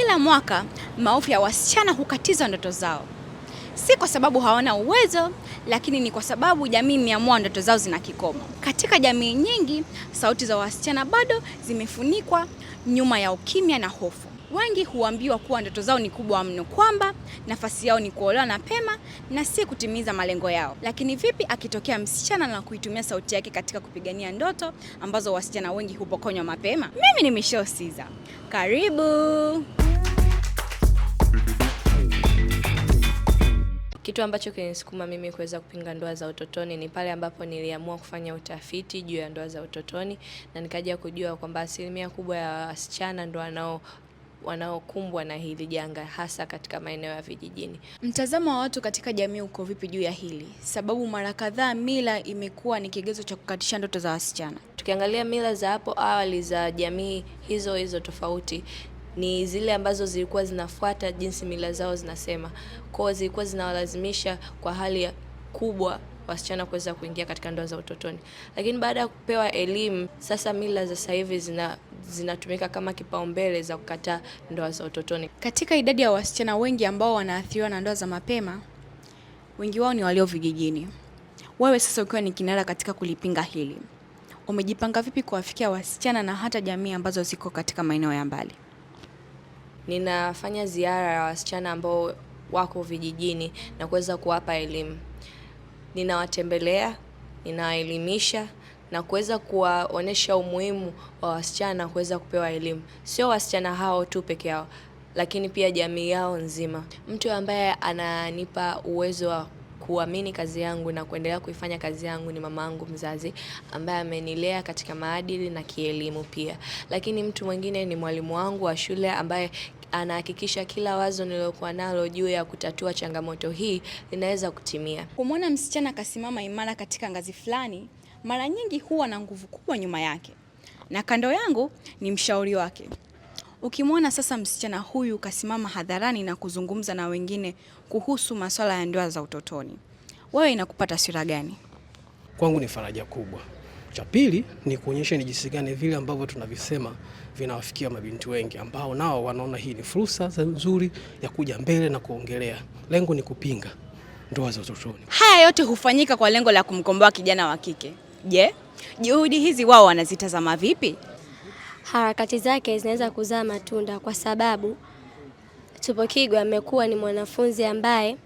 Kila mwaka maelfu ya wasichana hukatizwa ndoto zao, si kwa sababu hawana uwezo, lakini ni kwa sababu jamii imeamua ndoto zao zina kikomo. Katika jamii nyingi, sauti za wasichana bado zimefunikwa nyuma ya ukimya na hofu. Wengi huambiwa kuwa ndoto zao ni kubwa mno, kwamba nafasi yao ni kuolewa pema na si kutimiza malengo yao. Lakini vipi akitokea msichana na kuitumia sauti yake katika kupigania ndoto ambazo wasichana wengi hupokonywa mapema? Mimi ni Michelle Siza, karibu. Kitu ambacho kinisukuma mimi kuweza kupinga ndoa za utotoni ni pale ambapo niliamua kufanya utafiti juu ya ndoa za utotoni na nikaja kujua kwamba asilimia kubwa ya wasichana ndo wanao wanaokumbwa na hili janga hasa katika maeneo ya vijijini. Mtazamo wa watu katika jamii uko vipi juu ya hili? Sababu mara kadhaa mila imekuwa ni kigezo cha kukatisha ndoto za wasichana. Tukiangalia mila za hapo awali za jamii hizo hizo tofauti ni zile ambazo zilikuwa zinafuata jinsi mila zao zinasema. Kwao zilikuwa zinawalazimisha kwa hali kubwa wasichana kuweza kuingia katika ndoa za utotoni, lakini baada ya kupewa elimu, sasa mila za sasa hivi zina zinatumika kama kipaumbele za kukataa ndoa za utotoni. Katika idadi ya wasichana wengi ambao wanaathiriwa na ndoa za mapema, wengi wao ni walio vijijini. Wewe sasa ukiwa ni kinara katika kulipinga hili, umejipanga vipi kuwafikia wasichana na hata jamii ambazo ziko katika maeneo ya mbali? ninafanya ziara ya wasichana ambao wako vijijini na kuweza kuwapa elimu. Ninawatembelea, ninawaelimisha na kuweza kuwaonesha umuhimu wa wasichana kuweza kupewa elimu, sio wasichana hao tu peke yao, lakini pia jamii yao nzima. Mtu ambaye ananipa uwezo wa kuamini kazi yangu na kuendelea kuifanya kazi yangu ni mamangu mzazi ambaye amenilea katika maadili na kielimu pia. Lakini mtu mwingine ni mwalimu wangu wa shule ambaye anahakikisha kila wazo nililokuwa nalo juu ya kutatua changamoto hii linaweza kutimia. Kumwona msichana akasimama imara katika ngazi fulani, mara nyingi huwa na nguvu kubwa nyuma yake, na kando yangu ni mshauri wake. Ukimwona sasa msichana huyu kasimama hadharani na kuzungumza na wengine kuhusu masuala ya ndoa za utotoni, wewe inakupata sura gani? Kwangu ni faraja kubwa. Cha pili ni kuonyesha ni jinsi gani vile ambavyo tunavisema vinawafikia mabinti wengi ambao nao wanaona hii ni fursa nzuri ya kuja mbele na kuongelea. Lengo ni kupinga ndoa za utotoni. Haya yote hufanyika kwa lengo la kumkomboa kijana wa kike. Je, yeah. Juhudi hizi wao wanazitazama vipi? harakati zake zinaweza kuzaa matunda, kwa sababu Tupokigwa amekuwa ni mwanafunzi ambaye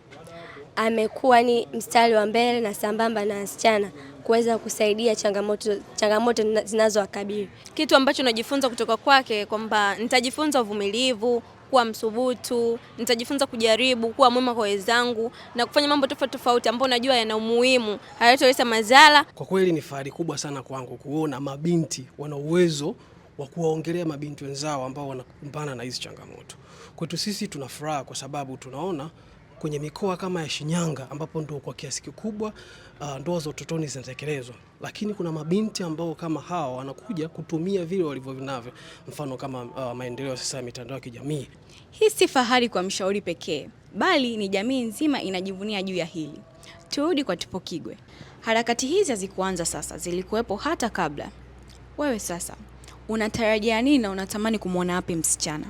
amekuwa ni mstari wa mbele na sambamba na wasichana kuweza kusaidia changamoto changamoto zinazowakabili. Kitu ambacho najifunza kutoka kwake kwamba nitajifunza uvumilivu, kuwa msubutu, nitajifunza kujaribu, kuwa mwema kwa wenzangu na kufanya mambo tofauti tofauti ambayo najua yana umuhimu, hayatoleta madhara. Kwa kweli ni fahari kubwa sana kwangu kuona mabinti wana uwezo wa kuwaongelea mabinti wenzao ambao wanakumbana na hizi changamoto. Kwetu sisi tuna furaha kwa sababu tunaona kwenye mikoa kama ya Shinyanga ambapo ndo kwa kiasi kikubwa uh, ndoa za utotoni zinatekelezwa, lakini kuna mabinti ambao kama hawa wanakuja kutumia vile walivyovinavyo, mfano kama uh, maendeleo sasa ya mitandao ya kijamii. Hii si fahari kwa mshauri pekee, bali ni jamii nzima inajivunia juu ya hili. Turudi kwa Tupokigwe, Harakati hizi hazikuanza sasa, zilikuwepo hata kabla. Wewe sasa Unatarajia nini na unatamani kumwona wapi msichana?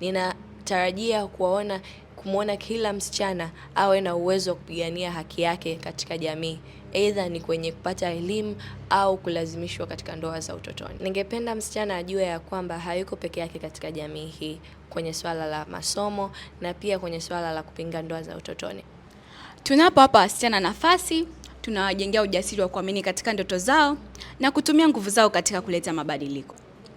Ninatarajia kuwaona kumwona kila msichana awe na uwezo wa kupigania haki yake katika jamii, aidha ni kwenye kupata elimu au kulazimishwa katika ndoa za utotoni. Ningependa msichana ajue ya kwamba hayuko peke yake katika jamii hii kwenye swala la masomo na pia kwenye swala la kupinga ndoa za utotoni. hapa wasichana nafasi tunawajengea ujasiri wa kuamini katika ndoto zao na kutumia nguvu zao katika kuleta mabadiliko.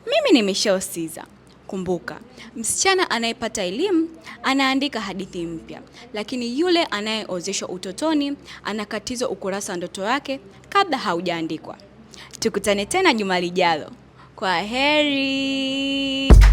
Mimi ni Michelle Siza. Kumbuka, msichana anayepata elimu anaandika hadithi mpya, lakini yule anayeozeshwa utotoni anakatizwa ukurasa wa ndoto yake kabla haujaandikwa. Tukutane tena juma lijalo. Kwa heri.